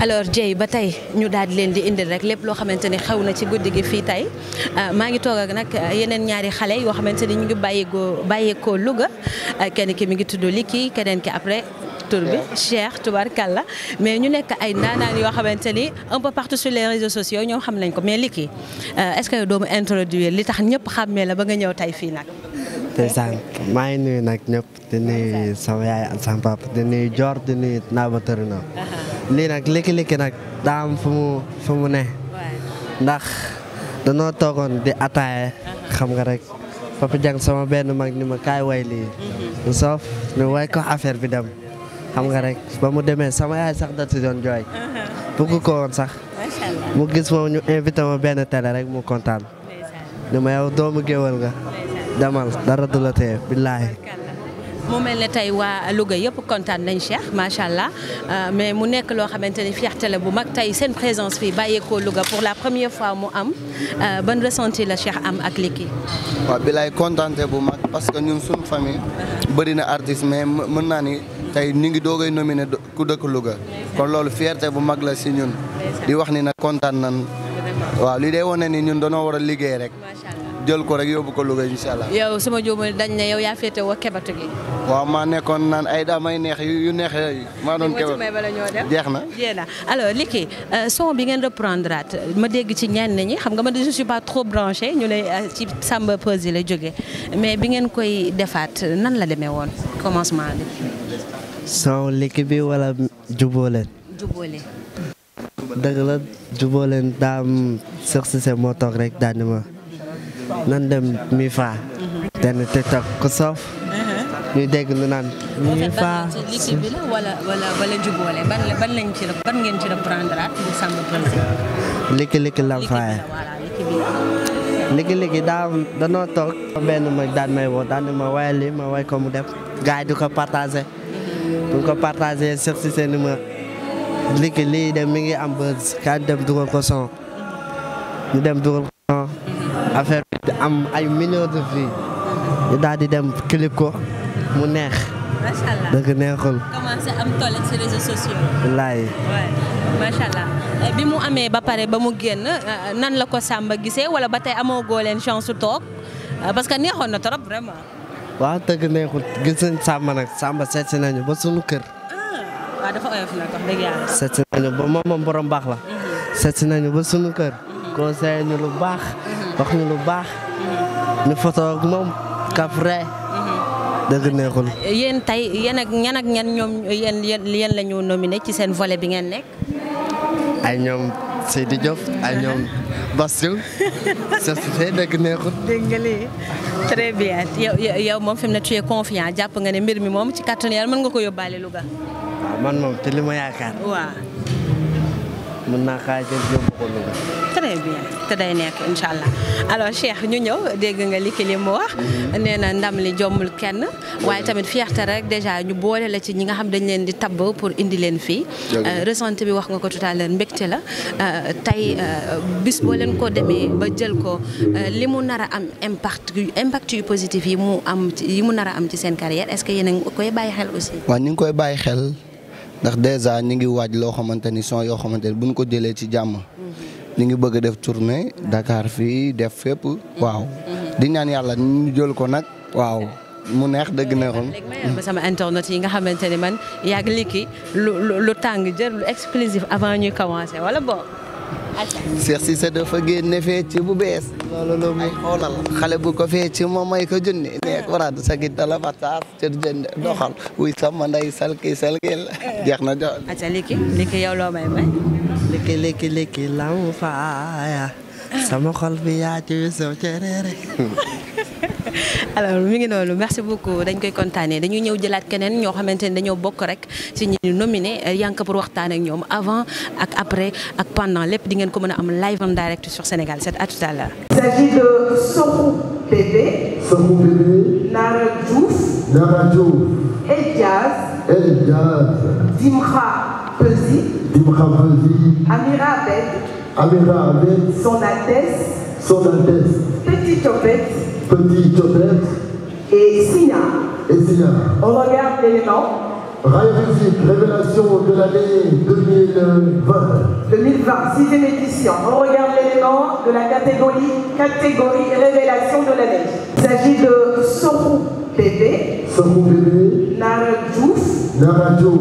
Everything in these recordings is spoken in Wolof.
alors Dieye ba tey ñu daal di leen di indil rek lépp loo xamante ni xew na ci guddi gi fii tey euh, maa ngi toog ak nag euh, yeneen ñaari xale yoo xamante ni ñu ngi bàyyeekoo bàyyeekoo Louga euh, kenn ki mi ngi tudd Liki keneen ki après. tur bi Cheikh la mais ñu nekk ay ndaanaan yoo xamante ni un peu partout sur les réseaux sociaux ñoom xam nañ ko mais Liki est-ce que doomu introduire li tax ñëpp xàmmee la ba nga ñëw tey fii nag. ndeysaan maa ngi nuyu nag ñëpp di nuyu sama yaay ak sama papa di nuyu Dior di lii nag lékki-lékki nag daa am fu mu ne. ndax danoo toogoon di ataaye. Uh-huh. xam nga rek Papa sama benn mag ni ma kaay way lii. Mm-hmm. mu soof ñu way ko affaire bi dem. xam nga rek ba mu demee sama yaay sax da si doon jooy. Uh-huh. bëgg ko sax. mu gis moom ñu invité ma benn télé rek mu kontaan. ni ma yow doomu géwël nga. demal dara du billaahi mu mel ne tey waa Louga yëpp kontaan nañ Cheikh macha allah euh, mais mu nekk loo xamante ni fierté la bu mag tey seen présence fii bàyyeekoo luga pour la première fois mu am euh, ban ressenti la Cheikh am ak liki waaw bi lay bu mag parce que ñun suñu famille bëri na artiste mais mën naa ni tey ñu ngi doogay nominé ku dëkk Louga kon loolu fierte bu mag la si ñun di wax ni nag kontaan nan waaw li day wane ni ñun dañoo war a liggéey rek jël ko rek yóbbu ko Louga incha allah. yow su ma dañ ne yow yaa féete woo kebatu gi. waaw maa nekkoon naan ay daa may neex yu neex yooyu. maa doon kebatu may bala ñoo jeex na. jeex na Liki euh, son bi ngeen reprendre at ma dégg ci ñenn ñi xam nga ma de suis pas trop branché ñu ne euh, ci Samba yi la jógee mais bi ngeen koy defaat nan la demee woon commencement bi. son Liki bi wala jubóo leen. jubóo leen. dëgg la jubóo leen daam Cheikh Cissé moo toog rek daal ma. nan dem mi fa benn tiktok ku soof uh-huh. ñu dégg lu naan mi fa bi la wala wala liki liki la faye liki liki daa danoo toog benn daan may woo daan ma waye li ma way ko mu dem gars yi du ko partage du ko partagé sur si seen ma liki lii dem mi ngi am buzz kan dem dugal ko son ñu dem dugal ko son affaire bi am ay millions de vues ñu daal di dem clip ko mu neex. macha allah dëgg neexul. bi mu amee ba pare ba mu génn euh, nan la ko Samba gisee wala ba tey amoo goo leen chance su toog euh, parce que neexoon na trop vraiment. waaw dëgg neexul gis nañ Samba nag Samba seet nañu ba sunu kër. Ah. Ah, waaw nañu ba moom borom baax la. Mhm. seet nañu ba sunu kër. Mhm. conseillé ñu lu baax. wax ñu lu baax ñu foto moom kafre dëgg neexul. yéen tey yéen ak ñan ak ñan ñoom yéen yéen la ñu nominé ci seen vole bi ngeen nekk. ay ñoom Seydi Diop ay ñoom Bastou. c'est dëgg neexul. dégg bien yow moom fi mu ne tu es jàpp nga ne mbir mi moom ci kàttan yàlla mën nga ko yóbbaale Louga. Ah, man moom te yaakaar. mën naa xaay seen yóbbu ko très bien te day nekk incha allah alors Cheikh ñu ñëw dégg nga li kilim mu wax. nee na ndam li jommul kenn. waaye tamit fierté rek dèjà ñu boole la ci ñi nga xam dañ leen di tabb pour indi leen fii. Euh, ressenti bi wax nga ko tout leen l'heure mbégte la euh, tey euh, bis boo leen ko demee ba jël ko li mu nar a am impact impact yu positif yi mu am yi mu nara a am ci seen carrière est-ce que yéen a ngi koy bàyyi xel aussi. waaw ñu ngi koy bàyyi xel. ndax dèjà ñu ngi waaj loo xamante ni son yoo xamante bu buñ ko jëlee ci jàmm. ñu ngi bëgg a def tournée Dakar fii def fépp. waaw di ñaan yàlla ñu jël ko nag waaw. mu neex dëgg neexoon. ma sama internet yi nga xamante ne man yàgg liki lu tàng jër lu exclusif avant ñuy commencé wala bon. Cheikh Cissé dafa génne fecc bu bees. loolu la muy xale bu ko fecc moom may ko junni. Alxuraan sagit dala fa saas cër jënd doxal wuy sama nday salki salkil jeex na jox aca léegi léegi yow loo may may léegi léegi léegi faaya sama xol bi yaa ci cerere alors mi ngi noonu merci beaucoup dañ koy kontaanee dañuy ñëw jëlaat keneen ñoo xamante ne dañoo bokk rek si ñu nominé Yanka pour waxtaan ak ñoom avant ak après ak pendant lépp di ngeen ko mën a am live en direct sur Sénégal 7 à tout à Petit Topette. Petit Topette. Et Sina. Et Sina. On regarde l'élément. Rail Musique, révélation de l'année 2020. 2020, sixième édition. On regarde l'élément de la catégorie, catégorie révélation de l'année. Il s'agit de Sorou Bébé. Sorou Bébé. Naradjouf. Naradjouf.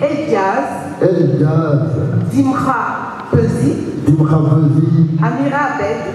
Elias. Elias. Dimra Pezi. Dimra Pezi. Amira Abed.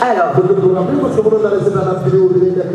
alors bëgg nga ko rappeler parce que mënoon naa laisser dans la vidéo bi day nekk.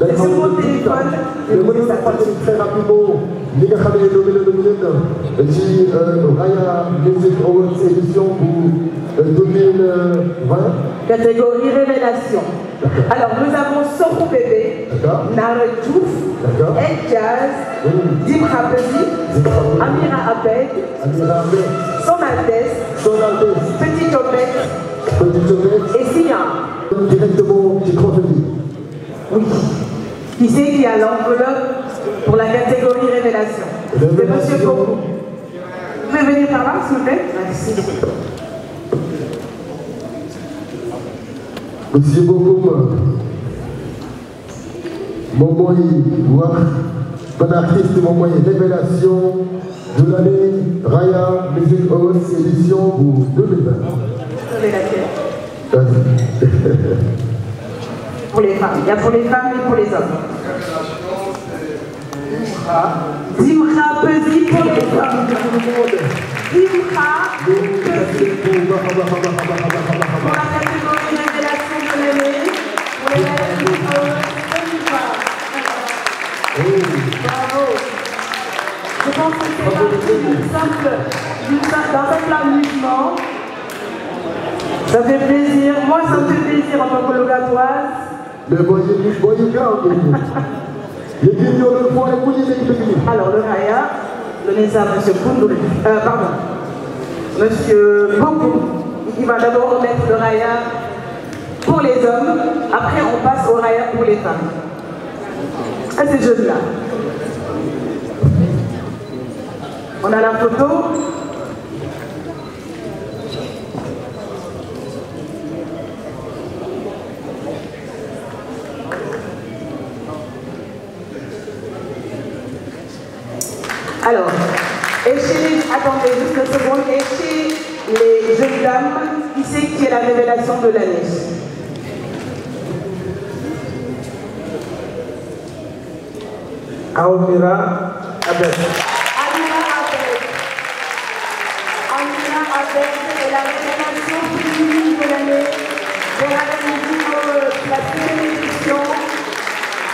day xaw a téléphone. mais mënoon naa fàttali très rapidement li nga xam ne ñoom ñu leen leen ci Raya Music Awards édition bu 2020. Euh, catégorie révélation. alors nous avons Sokho Bébé. Nara Diouf. El Jazz. Dim Rabesi. Amira Abed. Amira Abed. Son Altesse. Son Altesse. Petit Omène. Essayant. Directement du contenu. Oui. Qui c'est qui a l'enveloppe pour la catégorie révélation C'est Monsieur Coco. Vous pouvez venir par là, s'il vous plaît Merci. Monsieur Bokoum, moom mooy wax ban artiste moom révélation de l'année Raya Music Awards édition bu 2020. pour les femmes. Il y a pour les femmes et pour les hommes. Dimra Peuzzi pour les femmes. Dimra Peuzzi. mais boo ñu boo a gaaw ñu ñu. ñu ngi ñëw doon boole bu ñu le Raya donné ça monsieur Koundoul euh, monsieur Bokoum il va d'abord remettre le Raya pour les hommes après on passe au Raya pour les femmes. à ah, ces jeunes on a la photo. seconde est les jeunes dames, ici qui est la révélation de l'année. Aoumira Abed. Aoumira Abed. Aoumira Abed est la révélation féminine de l'année. Voilà nous euh, la télévision.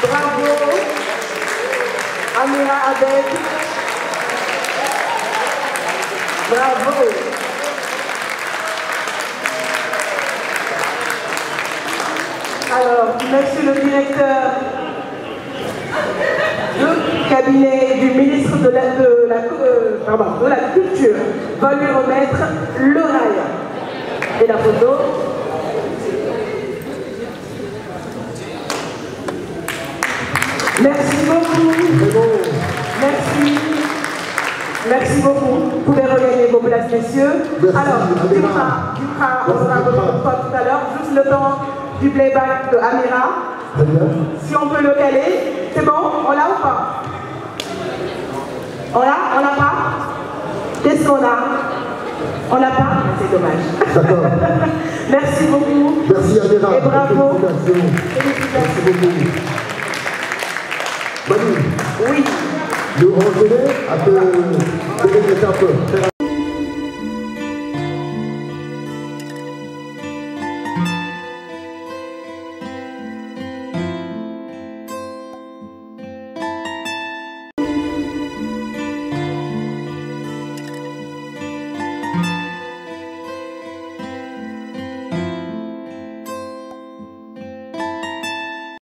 Bravo. Aoumira Abed. Bravo! Alors, monsieur le directeur du cabinet du ministre de la, de la, euh, pardon, de la et la photo. Merci beaucoup. Vous pouvez regagner vos places, messieurs. Merci. Alors, tu feras, on sera votre fois tout à l'heure, juste le temps du playback de Amira. Si on peut le caler, c'est bon On l'a ou pas On l'a On l'a pas Qu'est-ce qu'on a On l'a pas C'est dommage. D'accord. Merci beaucoup. Merci Amira. Et bravo. Félicitations. Merci beaucoup. Manu. Oui. de revenir à cette étape.